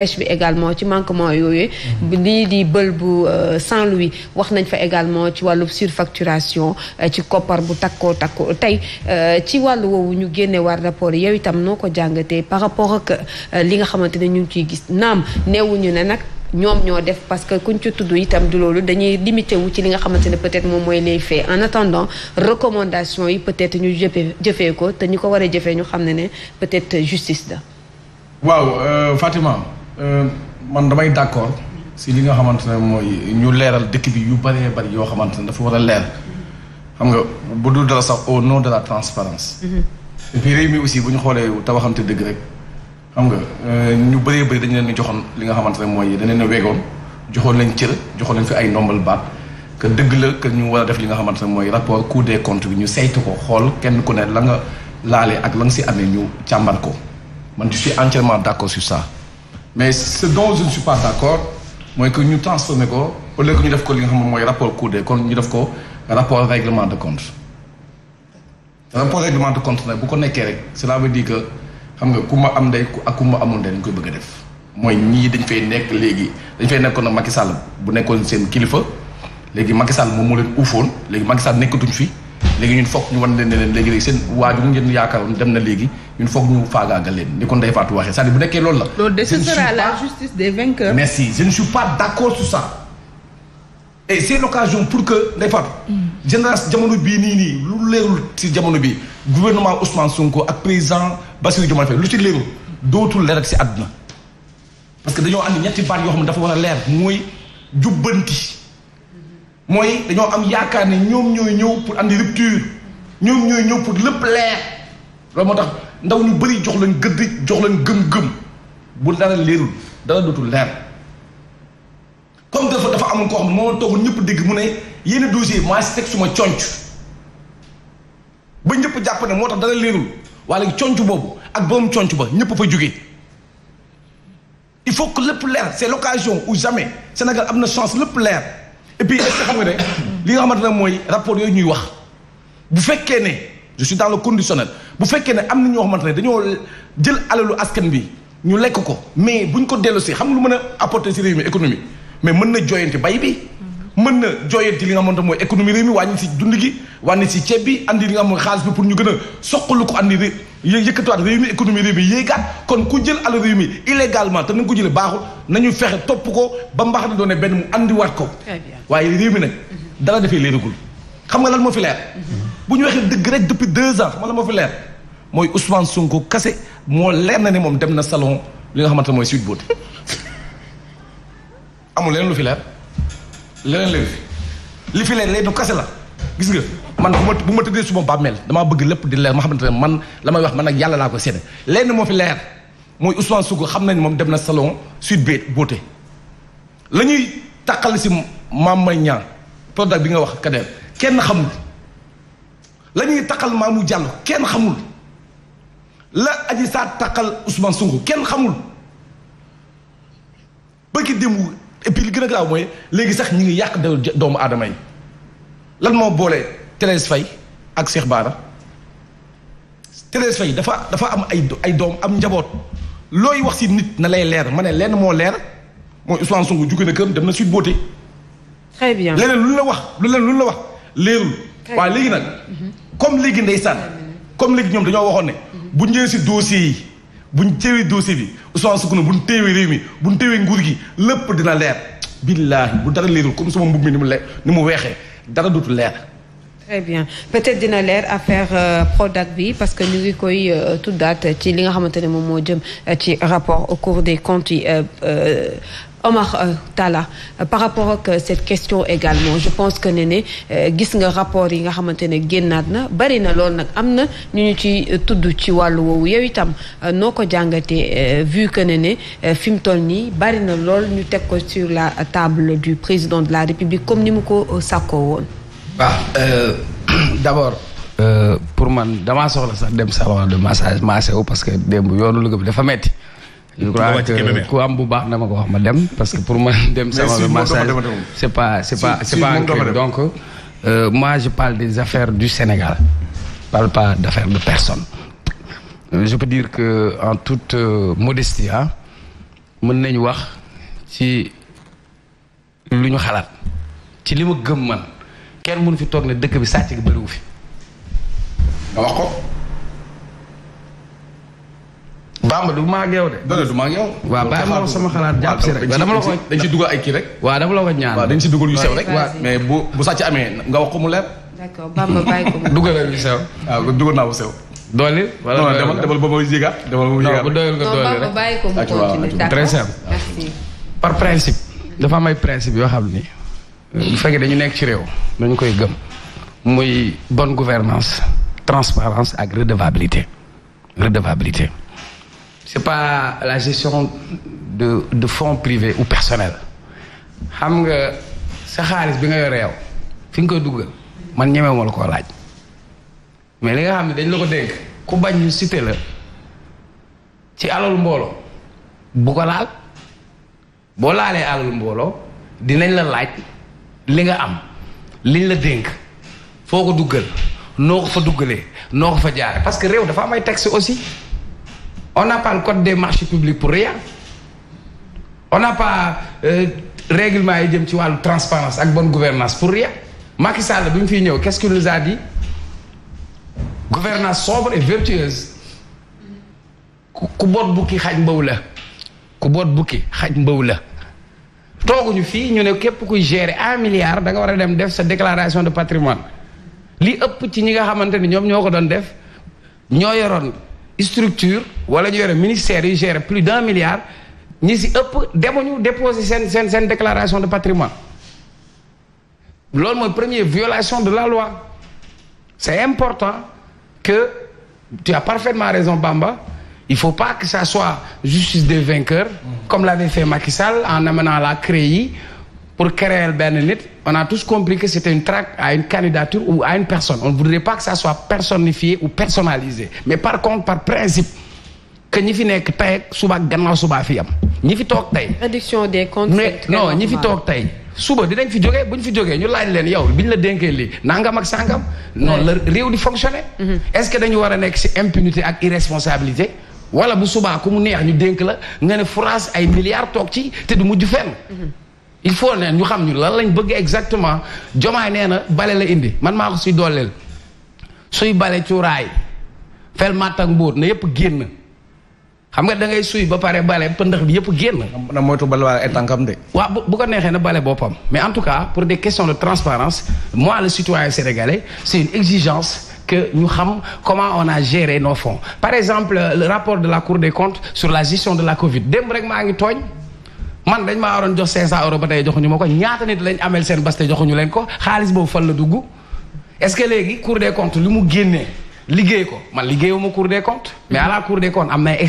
pêche également ci manquement yooyu mm-hmm. lii di bël bu euh, Saint-Louis wax nañ fa également ci wàllu surfacturation euh, ci koppar bu takkoo takkoo tey euh, ci wàllu woowu ñu génne war rapport yow itam noo ko jàngatee par rapport ak li nga xamante ne ñu ngi ciy gis naam neewuñu ne nag ñoom ñoo def parce que kuñ ci tudd itam di loolu dañuy limité wu ci li nga xamante ne peut-être moom mooy les faits en attendant recommandation yi peut-être ñu jëfee jëfee ko te ñu ko war a jëfee ñu xam ne ne peut-être justice la Euh, man damay d'accord si li nga xamante ne mooy ñu leeral dëkk bi yu baree bëri yoo xamante ne dafa war a leer xam nga bu dul dara sax au nom de la transparence mm-hmm. et puis réew aussi bu ñu xoolee te waxante dëgg rek xam nga euh, ñu bëree bëri dañu leen ni joxoon li nga xamante ne mooy dañu leen a wegoon joxoon leen cër joxoon leen fi ay ndombal baat que dëgg la que ñu war a def li nga xamante ne mooy rapport Cour des comptes bi ñu saytu ko xool kenn ku ne la nga laale ak la nga si amee ñu càmbar ko man je suis entièrement d'accord sur mais ce dont je ne suis pas d'accord mooy que ñu transformé ko au lieu que ñu def ko li nga xam ne mooy rapport Cour des comptes ñu def ko rapport règlement de compte rapport règlement de compte nag bu ko nekkee rek cela veut dire que xam nga ku ma am ndey ak ku ma amul ndey dañ koy bëgg a def mooy ñii dañ fay nekk léegi dañ fay nekkoon na Macky Sall bu nekkoon seen kilifa léegi Macky Sall moom moo leen uufoon léegi Macky Sall nekkatuñ fi léegi ñun foog ñu wan leen ne leen léegi léegi seen waajur ngeen dem na léegi il faut que ñu faagaagal leen ni ko Ndeye Fatou waxee c'est-à-dire bu nekkee loolu la. loolu de ce sera la justice des vainqueurs. merci je suis pas d'accord sur ça. et c'est l'occasion pour que Ndeye Fatou. Mm. génération jamono bii nii nii lu leerul ci jamono bii gouvernement Ousmane Sonko ak président Bassirou Diomaye Faye lu ci leerul dootul leeral ci àdduna. parce que dañoo am ñetti baat yoo xam ne dafa war a leer mooy jubbanti mooy dañoo am yaakaar ne ñoom ñooy ñëw pour andi rupture ñoom ñooy ñëw pour lépp leer loolu ndaw ñu bëri jox leen gëdd jox leen gëm-gëm bu dara leerul dara dootul leer comme dafa dafa amul koo xam moo toog ñëpp dégg mu ne yenn dossier maa si teg suma conc ba ñëpp jàpp ne moo tax dara leerul waaye léegi conc boobu ak borom conc ba ñëpp fa jógee il faut que lépp leer c'est l'occasion ou jamais Sénégal am na chance lépp leer et puis est-ce xam nga ne li nga xamante ne mooy rapport yooyu ñuy wax bu fekkee ne je suis dans le conditionnel bu fekkee ne am na ñoo xamante ne dañoo jël alalu askan bi ñu lekk ko mais buñ ko dellu si xam lu mën a apporter si réew mi économie mais mën na jooyanti bay bi mën na jooyanti li nga xamante mooy économie réew mi wàññi si dund gi wàññi si ceeb bi andi li xaalis bi pour ñu gën a soqalu ko andi ré yëkkatuwaat réew mi économie réew mi yéegaat kon ku jël alalu mi illégalement te ko jëlee baaxul nañu fexe topp ko ba mbaax na doone benn mu ko waaye réew mi nag dara defee léeragul xam nga lan moo fi leer mhm. bu ñu waxee dëgg rek depuis deux ans xam nga lan moo fi leer mooy Ousmane Sonko kase moo leer na ne moom dem na salon li nga xamante mooy Sweet Beauté amul leneen lu fi leer leneen léegi li fi leer du kase la gis nga man bu ma bu ma tëddee suma bàmmeel damaa bëgg lépp di leer ma ne man la wax man nag yàlla laa ko seede lenn moo fi leer mooy Ousmane Sonko xam nañ moom dem na salon Sweet Beauté la ñuy taqal si maam may ñaan product bi nga wax kadeer kenn xamul lañuy ñuy taqal maamu jàll kenn xamul la aji saa taqal Ousmane sungu kenn xamul bëgg démb et puis li gën a grave mooy léegi sax ñi ngi yàq doomu aadama yi lan moo boole Thérèse fay ak Cheikh Bara Thérèse Faye dafa dafa am ay ay doom am njaboot looy wax si nit na lay leer ma ne lenn moo leer mooy Ousmane sungu jóge na këram dem na Sweet Beauté. très bien leneen lu la wax lu leneen lu la wax leerul. waaw léegi nag. Mhm. comme léegi ndey ndeysaan comme léegi ñoom dañoo waxoon ne. bu ñu si dossier yi bu ñu jëwee dossier bi Ousmane Sonko bu ñu téewee réew mi bu ñu téewee nguur gi lépp dina leer billaahi bu dara leerul comme sama mbub mi ni mu leer ni mu weexee dara dootu leer. très bien peut-être dina leer affaire euh, Prodac bi parce que ñu ngi koy euh, tuddaat ci li nga xamante ne moom moo jëm euh, ci rapport au cours des comptes Omar euh, Talla euh, par rapport ak euh, cette question également je pense que ne ne euh, gis nga rapport yi nga xamante ne génnaat na bari na lool nag am na ñu ñu ci euh, tudd ci wàllu woowu yow itam noo ko jàngatee vu que ne ne fi mu toll nii bari na lool ñu teg ko sur la table du président de la République comme ni mu ko sàkkoo woon. waaw d'abord. pour man damaa soxla sax dem salon de massage massé parce que démb yoonu Louga bi dafa metti je crois que ku am bu baax dama ko wax ma dem parce que pour ma dem sama massage c'est pas c'est pas c'est pas donc euh, moi je parle des affaires du Sénégal je parle pas d'affaires de personne euh, je peux dire que en toute euh, modestie ah mën nañu wax ci lu ñu xalaat ci li ma gëm man kenn mënu fi toog ne dëkk bi sàcc gi bëriwu fi bamba du maa geew de. dëgg du maa geew. waaw bàyyi ma sama xalaat jàpp si rek. dama la ko dañ si dugal ay kii rek. waaw dama la ko ñaan. waaw dañ si dugal yu sew rek. waaw mais bu bu sàcc amee nga wax ko mu leer. d'accord bamba bàyyi ko mu. dugalal yu sew. waaw dugal naa bu sew. doole. wala doole demal demal ba ma yéegaat. demal ba ma yéegaat non bu doyul nga doole rek. non bamba bàyyi ko mu continué d'accord très simple. merci. par principe. dafa am ay principe yoo xam ni. bu fekkee dañu nekk ci réew. dañu koy gëm. muy bonne gouvernance transparence ak redevabilité redevabilité c'est pas la gestion de de fonds privés ou personnel xam nga sa xaalis bi nga yore yow fi nga koy duggal man ñemewuma la koo laaj mais li nga xam ne dañ la ko dénk ku bañ ñu cité la ci alalu mbooloo bu ko laal boo laalee alalu mbooloo dinañ la laaj li nga am liñ la dénk foo ko duggal noo fa duggalee noo ko fa jaare parce que réew dafa am ay aussi on n'a pas le code des marchés publics pour rien on n'a pas euh, règlement yi jëm ci wàllu transparence ak bon gouvernance pour rien Macky Sall bi fi ñëw qu'est-ce qu'il nous a dit gouvernance sobre et vertueuse ku boot xaj mbaw la ku boot bukki xaj mbaw la tooguñu fii ñu ne képp kuy gérer un milliard da nga war a dem def sa déclaration de patrimoine li ëpp ci ñi nga xamante ni ñoom ñoo ko doon def ñoo yoroon structure wala ñu yore ministère yi gère plus d'un milliard ñi si ëpp demuñu déposer seen seen seen déclaration de patrimoine loolu mooy première violation de la loi c'est important que tu as parfaitement raison Bamba il faut pas que ça soit justice des vainqueurs mm. comme l'avait fait Macky en amenant la CREI pour créer benn nit on a tous compris que c'était une traque à une candidature ou à une personne on ne voudrait pas que ça soit personnifié ou personnalisé mais par contre par principe que ñi fi nekk tey suba gannaaw subaa fi am ñi fi toog tey. réduction des comptes. mais non ñi fi toog tey. suba dinañ fi jógee bu ñu fi jógee ñu laaj leen yow bi ñu la dénkee lii nangam ak sangam. noonu la réew di fonctionner. Mhm. est-ce que dañu war a nekk ci impunité ak irresponsabilité. wala bu subaa ku mu neex ñu dénk la nga ne France ay milliards toog ci te du mujj fenn. Mhm. il faut ne ñu xam ñu lan lañ bëgg exactement jomaay nee na bale la indi man maa ko si dooleel suy bale cuuraay fel matt ak mbóot na yëpp génn xam nga da ngay suy ba pare bale pëndax bi yëpp génn. na moytu bale waa étankam de. waaw bu bu ko neexee na bale boppam mais en tout cas pour des questions de transparence moi le citoyen sénégalais c'est une exigence. que nous savons comment on a géré nos fonds. Par exemple, le rapport de la Cour des comptes sur la gestion man dañ maa waroon jox 500 euros ba joxuñu ma ko ñaata nit lañ amel seen bas te joxuñu leen ko xaalis boobu fan la dugg est léegi Cour des comptes li mu génnee liggéey ko man liggéeyuma Cour des comptes mais à la Cour des am na